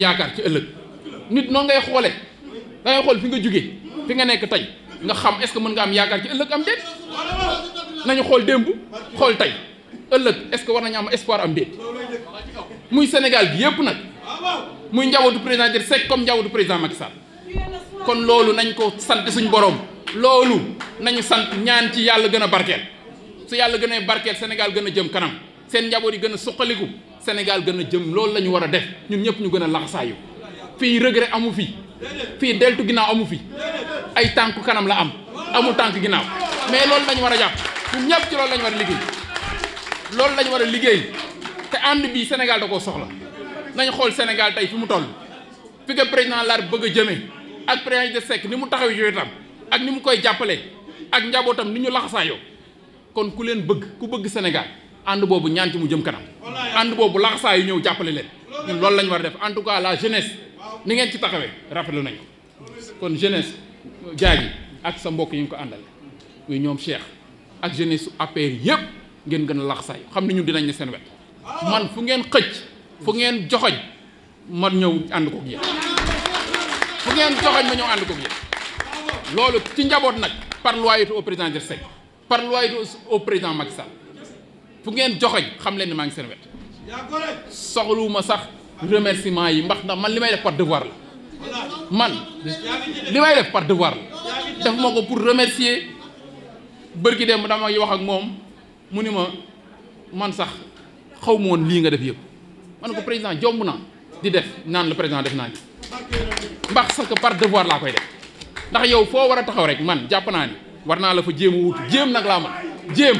yaakaar ci ëllëg nit noonu ngay xoole da xool fi nga jóge fi nga nekk tey nga xam est-ce que mën nga am yaakaar ci ëllëg am déet nañu xool démb xool tey ëllëg est-ce que war nañu am espoir am déet muy Sénégal gi yépp nag muy njabootu président Idrissa Seck comme njabootu président Macky Sall kon loolu nañu ko sant suñ borom loolu nañu sant ñaan ci yàlla gën a barkeel su yàlla gën ay barkeel Sénégal gën a jëm kanam seen njaboot yi gën a suqaliku Sénégal gën a jëm loolu la ñu war a def ñun ñëpp ñu gën a laxasaayu fii regret amu fi fii deltu ginnaaw amu fi ay tànk kanam la am amul tànk ginnaaw mais loolu la war a jàpp ñun ñëpp ci loolu la ñu war a liggéey loolu la war a liggéey te ànd bi Sénégal da ko soxla nañ xool Sénégal tey fi mu toll fi nga président laar bëgg a jëmee ak président sekk ni mu taxaw yooyu tam ak ni mu koy jàppale ak njabootam ni ñu laxasaayoo kon ku leen bëgg ku bëgg Sénégal ànd boobu ñaan jëm kanam ànd boobu laxasaa yu ñëw jàppale leen loolu lañu war a def en tout cas la jeunesse ni ngeen ci taxawee rafetlu nañ ko kon jeunesse jaagi ak sa mbokk yi nga ko àndal muy ñoom Cheikh ak jeunesse su APR yëpp ngeen gën a laxasaay xam ne ñun dinañ ne seen wet man fu ngeen xëcc fu ngeen joxoñ man ñëw ànd koog yéen fu ngeen joxoñ ma ñëw ànd koog yéen loolu ci njaboot nag par loyauté au président Idrissa Seck par loyauté au président Macky Sall fu ngeen joxoñ xam leen ne maa ngi seen wet soxluwuma sax remerciement yi mbax ndax man li may def par devoir la man li may def par devoir la def ma ko pour remercier bërki dem damay wax ak moom mu ni ma man sax xaw ma woon lii nga def yëpp man ko président jomb na di def naan la président def naa ni mbax sax que par devoir laa koy def ndax yow foo war a taxaw rek man jàpp naa ni war naa la fa jéem a jéem nag laa man jéem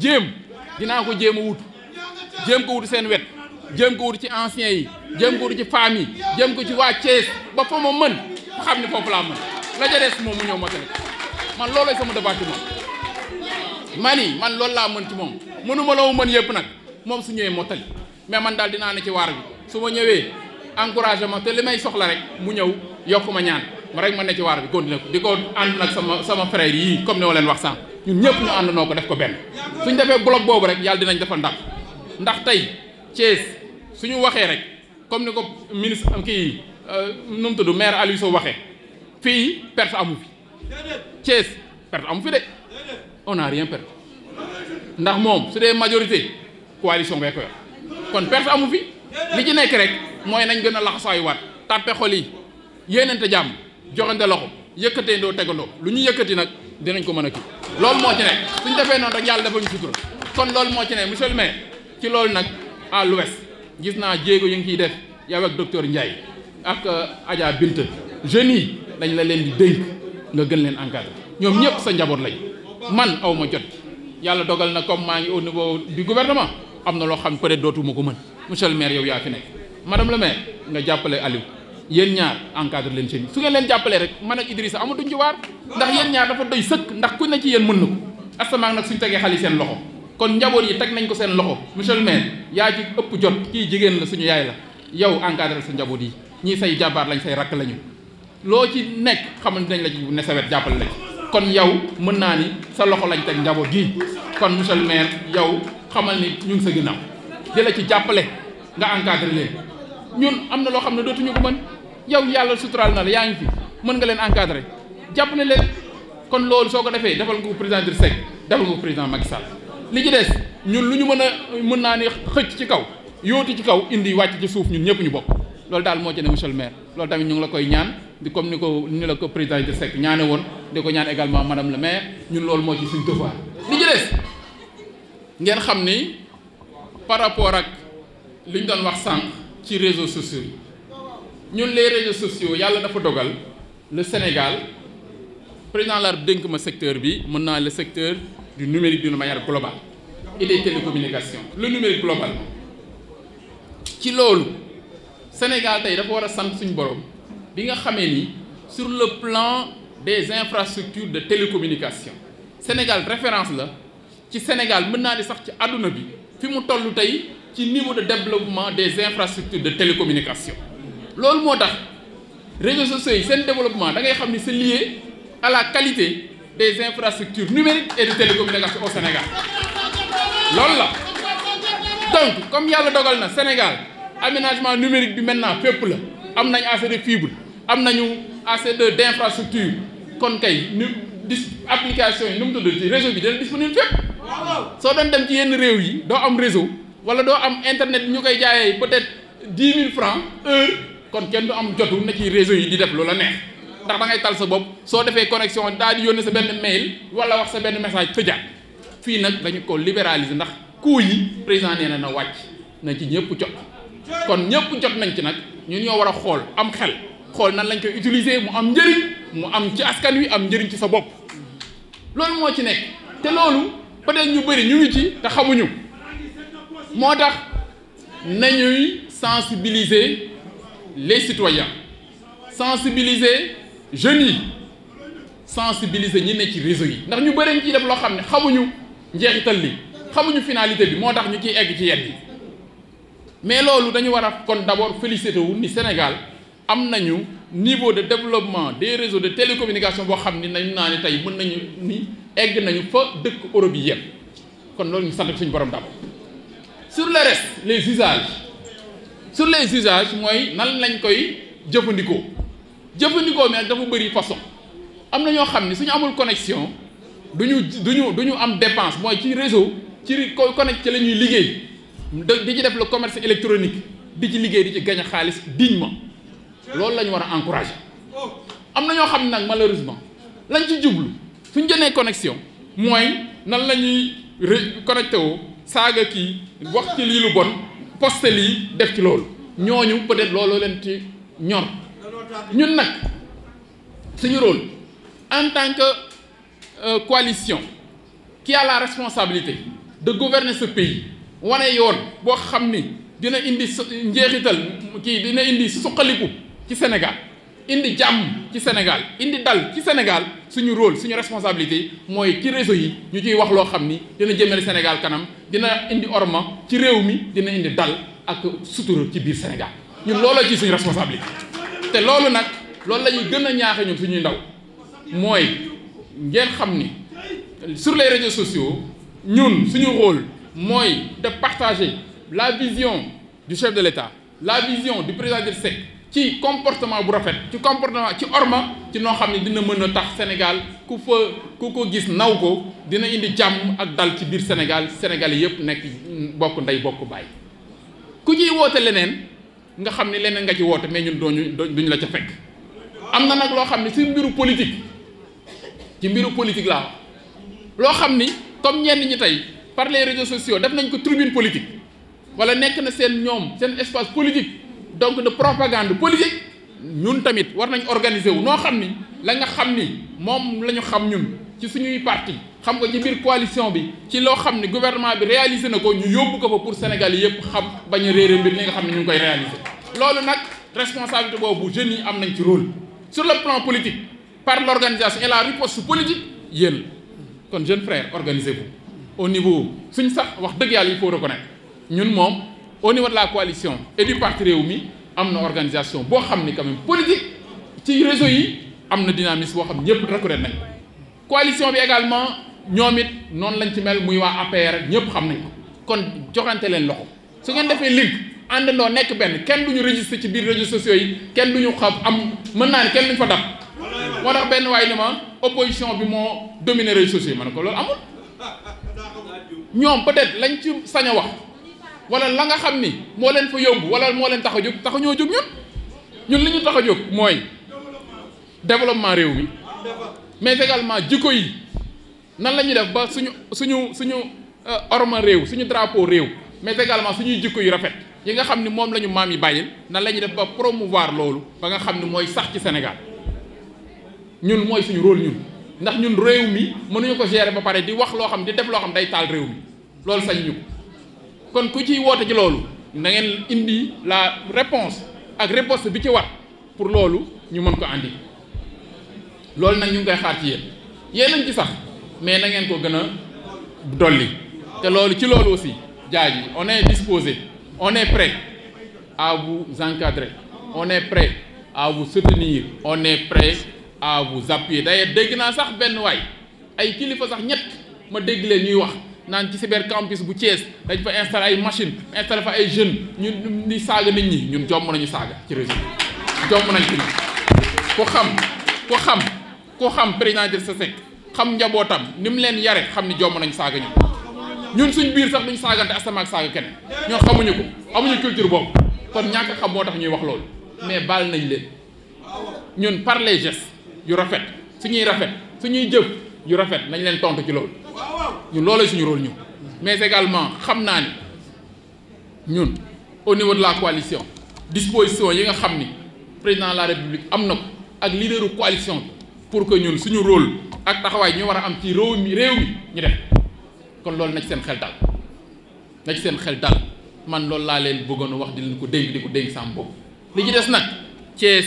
jéem dinaa ko jéem a wut jéem ko wuti seen wet jéem ko wuti ci anciens yi jéem ko wuti ci femmes yi jéem ko ci waa Thiès ba fa ma mën ma xam ne foofu laa mën la ca des moom mu ñëw matale man loolooy sama débat ci moom man yi man loolu laa mën ci moom mënuma la mu mën yëpp nag moom su ñëwee mottali mais man daal dinaa ne ci waar bi su ma ñëwee encouragé ma te li may soxla rek mu ñëw yokk ma ñaan ma rek ma ne ci waar bi continué ko di ko ànd nag sama sama frère yii comme ni ma leen wax sànq ñun ñëpp ñu ànd noo ko def ko benn suñ defee bloc boobu rek yàlla dinañ dafa ndax tey su ñu waxee rek comme ni ko ministre kii euh, nu mu tudd maire Aliou Sow waxee fii perte amu fi Thiès perte amu fi de on n'a rien perdu ndax moom su dee majorité coalition ngay ko yor kon perte amu fi li ci nekk rek mooy nañ gën a laxasaayu waat tàppe xol yi yéenante jàmm joxante loxo yëkkatee ndoo tegandoo lu ñu yëkkati nag nañ ko mën a kii loolu moo ci nekk suñ defee noonu rek yàlla dafa ñu sutura kon loolu moo ci nekk monsieur le ci loolu nag à gis naa jéego yi nga ciy def yow ak docteur Ndiaye ak euh, ajaa Bint jeunes yi dañ la leen di dénk nga gën leen encadré ñoom ñëpp sa njaboot lañ man aw ma jot yàlla dogal na comme maa ngi au niveau du gouvernement am na loo xam peut-être dootuma ko mën monsieur le maire yow yaa fi nekk madame le maire nga jàppale Aliou yéen ñaar encadré leen seen su ngeen leen jàppalee rek man ak Idrissa amatuñ ci waar ndax yéen ñaar dafa doy sëkk ndax ku ne ci yéen mën na ko nag suñ tegee xali seen loxo. kon njaboot yi teg nañ ko seen loxo monsieur le maire yaa ci ëpp jot kii jigéen la suñu yaay la yow encadré sa njaboot yi ñii say jàmbaar lañ say rakk lañu loo ci nekk xamante nañ la ci ne sa jàppale la kon yow mën naa ni sa loxo lañ teg njaboot gi kon monsieur le maire yow xamal ni ñu ngi sa ginnaaw di la ci jàppale nga encadré leen ñun am na loo xam ne dootuñu ko mën yow yàlla suturaal na la yaa ngi fi mën nga leen encadré jàppale leen kon loolu soo ko defee defal nga ko président Idrissa Seck defal nga ko président Macky li ci des ñun lu ñu mën a mën naa ne xëcc ci kaw yootu ci kaw indi wàcc ci suuf ñun ñëpp ñu bokk loolu daal moo ci ne monsieur maire loolu tamit ñu ngi la koy ñaan di comme ni ko ni la ko président de Seck ñaane woon di ko ñaan également manam le maire ñun loolu moo ci suñ devoir li ci des ngeen xam ni par rapport ak li ñu doon wax sànq ci réseau sociaux yi ñun les réseaux sociaux yàlla dafa dogal le Sénégal président la dénk ma secteur bi mën naa le secteur du numérique d'une manière globale et des télécommunications le numérique global ci loolu Sénégal tey dafa war a sant suñ borom bi nga xamee ni sur le plan des infrastructures de télécommunication Sénégal référence la ci Sénégal mën naa di sax ci àdduna bi fi mu toll tey ci niveau de développement des infrastructures de télécommunication loolu moo tax réseaux sociaux yi seen développement da ngay xam ni c'est lié à la qualité des infrastructures numériques et de télécommunication o Sénégal loolu la donc comme yàlla dogal na Sénégal aménagement numérique bi maintenant fépp la am nañ assez de fibre am nañu assez de d'infrastructure kon kay nu dis application yi nu mu tudd ci réseau bi dana disponible fépp soo doon dem ci yenn réew yi doo am réseau wala doo am internet ñu koy jaayee peut-être dix mille francs heure kon kenn du am jotu na ci réseau yi di def loola neex ndax da ngay tal sa bopp soo defee connexion daal di yónnee sa benn mail wala wax sa benn message tëjaat fii nag dañu ko libéraliser ndax coût yi président na na wàcc na ci ñëpp jot kon ñëpp jot nañ ci nag ñun ñoo war a xool am xel xool nan lañ ko utiliser mu am njëriñ mu am ci askan wi am njëriñ ci sa bopp loolu moo ci nekk te loolu peut-être ñu bëri ñu ngi ci te xamuñu moo tax nañuy sensibiliser les citoyens sensibiliser jeunes yi sensibiliser ñi ne ci réseau yi ndax ñu bëri ñu ciy def loo xam ne xamuñu njeexital li xamuñu finalité bi moo tax ñu ciy egg ci yenn yi mais loolu dañu war a kon d' abord félicité wu ni Sénégal am nañu niveau de développement des réseau de télécommunication boo xam ni nañ naa ne tey mën nañu ni egg nañu fa dëkk Europe yi yëpp kon loolu ñu sant suñu borom d' abord sur le reste les usages sur les usages mooy nan lañ koy jëfandikoo. jëfandikoo mi nag dafa bëri façon am na ñoo xam ne suñu amul du ñu duñu duñu am dépense mooy ci réseau ci ko connecté la ñuy liggéey di ci def le commerce électronique di ci liggéey di ci gañ xaalis dignement loolu la war a encouragé am na ñoo xam ne nag malheureusement lañ ci jublu suñ jënee connexion mooy nan la ñuy connecté woo saaga ki wax ci lii lu bon poste lii def ci loolu ñooñu peut-être loolu leen ci ñor ñun nag suñu rôle en tant que euh, coalition qui àlla responsabilité de gouverner ce pays wane yoon boo xam ni dina indi njeexital kii dina indi suqaliku ci Sénégal indi jàmm ci Sénégal indi dal ci Sénégal suñu rôle suñu responsabilité mooy ci réseau yi ñu ciy wax loo xam ni dina jëmale Sénégal kanam dina indi orma ci réew mi dina indi dal ak sutura ci biir Sénégal ñun looloo ci suñu responsabilité te loolu nag loolu la gën a ñaaxe ñun suñuy ndaw mooy ngeen xam ni sur les réseaux sociaux ñun suñu rôle mooy de partager la vision du chef de l'État la vision du président Idrissa Seck ci comportement bu rafet ci comportement ci orma ci noo xam ne dina mën a tax Sénégal ku fa ku ko gis naw ko dina indi jàmm ak dal ci biir Sénégal Sénégal yépp nekk bokk ndey bokk bàyyi ku ciy woote leneen nga xam ni leneen nga ci woote mais ñun dooñu duñ la ca fekk am na nag loo xam ne ci mbiru politique ci mbiru politique laa loo xam ni comme ñenn ñi tey par les réseaux sociaux def nañ ko tribune politique wala nekk na seen ñoom seen espace politique donc de propagande politique ñun tamit war nañ organiser wu noo xam ni la nga xam ni moom la ñu xam ñun ci suñuy parti xam ko ci biir coalition bi ci loo xam ne gouvernement bi réalisé na ko ñu yóbbu ko fa pour Sénégal yépp xam bañ a réere mbir li nga xam ne ñu ngi koy réalisé loolu nag responsabilité boobu jeunes yi am nañ ci rôle sur le plan politique par l'organisation et la riposte politique yéen kon jeune frère organiser vous au niveau suñ sax wax dëgg yàlla il faut reconnaître ñun moom au niveau de la coalition et du parti Rewmi am na organisation boo xam ni quand même politique ci réseau yi am na dynamisme boo xam ñëpp coalition bi également ñoom it noonu lañ ci mel muy waa APR ñëpp xam nañ ko kon joxante leen loxo su ngeen defee link àndandoo nekk benn kenn du ñu registré ci biir réseaux sociaux yi kenn du ñu xam am mën naa ne kenn duñ fa dab moo tax benn waay ni ma opposition bi moo dominé réseaux sociaux yi ma ne ko loolu amul ñoom peut-être lañ ci sañ a wax wala la nga xam ni moo leen fa yóbbu wala moo leen tax a jóg tax a ñoo jóg ñun ñun li ñu tax a jóg mooy développement réew mi mais également jikko yi nan la ñuy def ba suñu suñu suñu euh, orma réew suñu drapeau réew mais également suñuy jikko yu rafet yi nga xam ni moom la ñu maam yi bàyyil nan la ñuy def ba promouvoir loolu ba nga xam ni mooy sax ci Sénégal ñun mooy suñu rôle ñun ndax ñun réew mi mënuñu ko gérer ba pare di wax loo xam di def loo xam day taal réew mi loolu sañ ñu ko kon ku ciy woote ji loolu nangeen indi la réponse ak réponse bi ci war pour loolu ñu mën ko andi loolu nag ñu ngi koy xaar ci yéen yéen ci sax mais na ngeen ko gën a dolli te loolu ci loolu aussi jaaji on est disposé on est aw bu vous encadrer on est aw bu vous soutenir on est prêt à vous appuyer d'ailleurs dégg naa sax benn waay ay kilifa sax ñett ma dégg leen ñuy wax naan ci cyber campus bu Thiès dañ fa installé ay machine installé fa ay jeunes ñun di saaga nit ñi ñun jomm nañu saaga ci réseau bi jomm nañ ci ko xam ko xam ku xam président sa Seck xam njabootam ni mu leen yare xam ni jomm nañ saaga ñu ñun suñ biir sax duñ saagante asama ak saaga keneen ñoo xamuñu ko amuñu culture boobu kon ñàkk xam moo tax ñuy wax loolu mais baal nañ leen ñun par les gestes yu rafet su ñuy rafet su ñuy jëf yu rafet nañ leen tontu ci loolu ñun loolooy suñu rôle ñu mais également xam naa ni ñun au niveau de la coalition disposition yi nga xam ni président la république am na ko ak leaderu coalition pour que ñun suñu rôle ak taxawaay ñu war a am ci réew mi réew ñu def kon loolu na ci seen xel dal na ci seen xel dal man loolu laa leen bëggoon wax di leen ko dénk di ko dénk sam boobu li ci des nag Thiès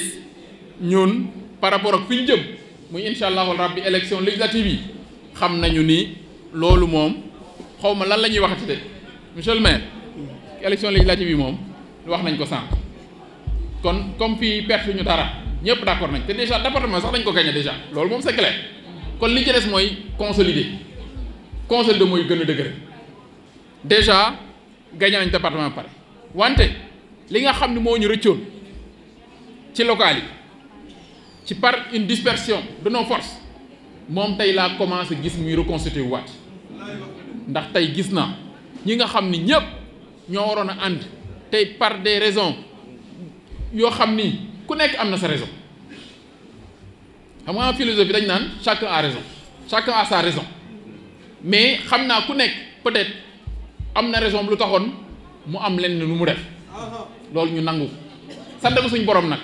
ñun par rapport ak fi ñu jëm muy incha allahu rabbi élection législative yi xam nañu ni loolu moom xaw ma lan la ñuy waxati de monsieur le maire élection législative yi moom wax nañ ko sànq kon comme fii perte ñu dara. ñépp d' accord nañ te déjà département sax dañ ko gagné déjà loolu moom c' est kon li ci des mooy consolider consolider mooy gën a dëgër déjà gagné nañ département pare wante li nga xam ne moo ñu rëccoon ci local yi ci par une dispersion de nos forces moom tey laa commencé gis muy reconstitué waat ndax tey gis naa ñi nga xam ni ñëpp ñoo waroon a ànd tey par des raisons yoo xam ni. ku nekk am na sa raison xam nga philosophie dañ naan chacun a raison chacun a sa raison mais xam naa ku nekk peut-être am na raison bu lu taxoon mu am lenn lu mu def loolu ñu nangu sant ko suñ borom nag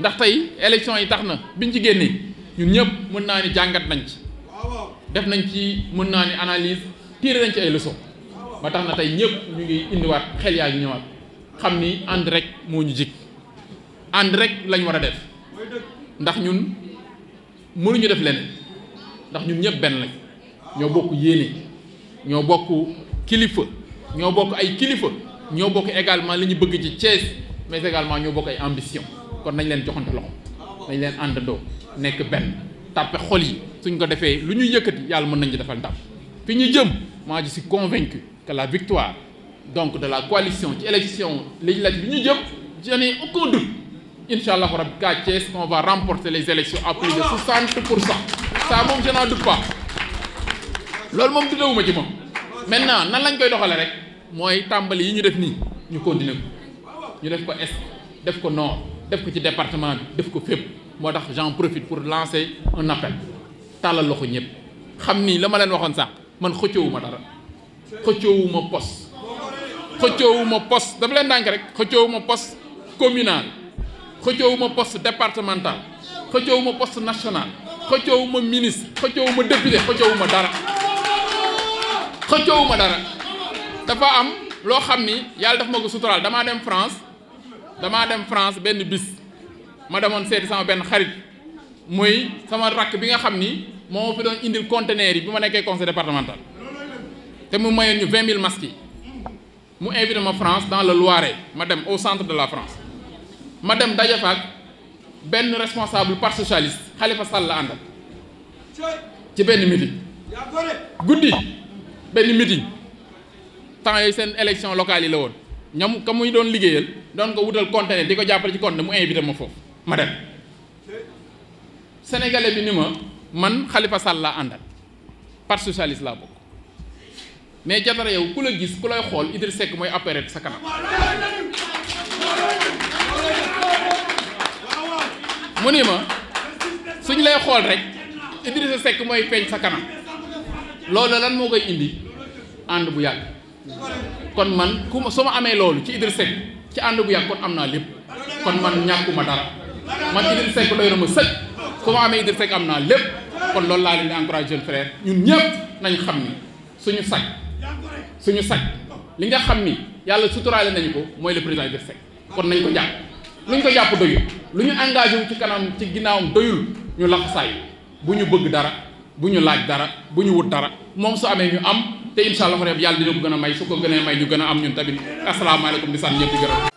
ndax tey élection yi tax na biñ ci génnee ñun ñëpp mën naa ni jàngat nañ ci def nañ ci mën naa ni analyse tiré nañ ci ay leçons ba tax na tey ñëpp ñu ngi indiwaat xel yaa ngi ñëwaat xam ni ànd rek moo ñu jig ànd rek lañ war a def ndax ñun mënuñu def leen ndax ñun ñëpp benn lañ ñoo bokk yéene ñoo bokk kilifa ñoo bokk ay kilifa ñoo bokk également li ñu bëgg ci Thiès mais également ñoo bokk ay ambition kon nañ leen joxante loxo nañ leen àndandoo nekk benn tàppe xol yi suñ ko defee lu ñuy yëkkati yàlla mën nañ ci defal ndam fi ñu jëm moi je si convaincu que la victoire donc de la coalition ci élection législative ñu jëm je n'ai aucun doute incha allah rabi kaa Thiès on va remporter les élections à plus de 60 pour cent ça moom je n'en loolu moom dudawuma ci moom maintenant nan lañ koy doxale rek mooy tàmbali yi ñu def nii ñu continuer ko ñu def ko est def ko nord def ko ci département bi def ko fépp moo tax j'en profite pour lancer un appel tàllal loxo ñëpp xam nii la ma leen waxoon sax man xëccoowuma dara xëccoowuma poste xëccoowuma poste dafa leen dànk rek xëccoowuma poste communal xëccoowuma poste départemental xëccoowuma poste national xëccoowuma ministre xëccoowuma député xëccoowuma dara xëccoowuma dara dafa am loo xam ni yàlla daf ma ko suturaal damaa dem France damaa dem France benn bis ma demoon seeti sama benn xarit muy sama rakk bi nga xam ni moo fi doon indil conteneur yi bi ma nekkee conseil départemental te mu mayoon ñu vingt mille masques yi mu invité ma France dans le Loiret ma dem au centre de la France ma dem daje benn responsable parti socialiste Khalifa Sall la àndal ci benn meeting guddi benn meeting temps yooyu seen élection locale yi la woon ñam ka muy doon liggéeyal doon ko wutal conteneur di ko jàppale ci conteneur mu invité ma foofu ma dem sénégalais bi ni ma man xalifa Sall la àndal parti socialiste laa bokk mais jatara yow ku la gis ku lay xool Idriss Seck mooy apparaître sa kanam mu ni ma suñ lay xool rek Idrissa Seck mooy feeñ sa kanam loolu lan moo koy indi ànd bu yàgg kon man ku ma su ma amee loolu ci Idrissa ci ànd bu yàgg kon am naa lépp kon man ñàkkuma dara man Idrissa Seck doy na ma amee Idrissa am naa lépp kon loolu laa leen di encouragé jeune frère ñun ñëpp nañ xam ni suñu sac suñu sac li nga xam ni yàlla suturaale nañu ko mooy le président Idrissa Seck kon nañ ko jàpp luñ ko jàpp doyul lu ñu engagé wu ci kanam ci ginnaawam doyul ñu laxasaay bu ñu bëgg dara bu ñu laaj dara bu ñu wut dara moom su amee ñu am te incha allah yàlla dina ko gën a may su ko gënee may ñu gën a am ñun tamit asalaamaaleykum di sant ñëpp di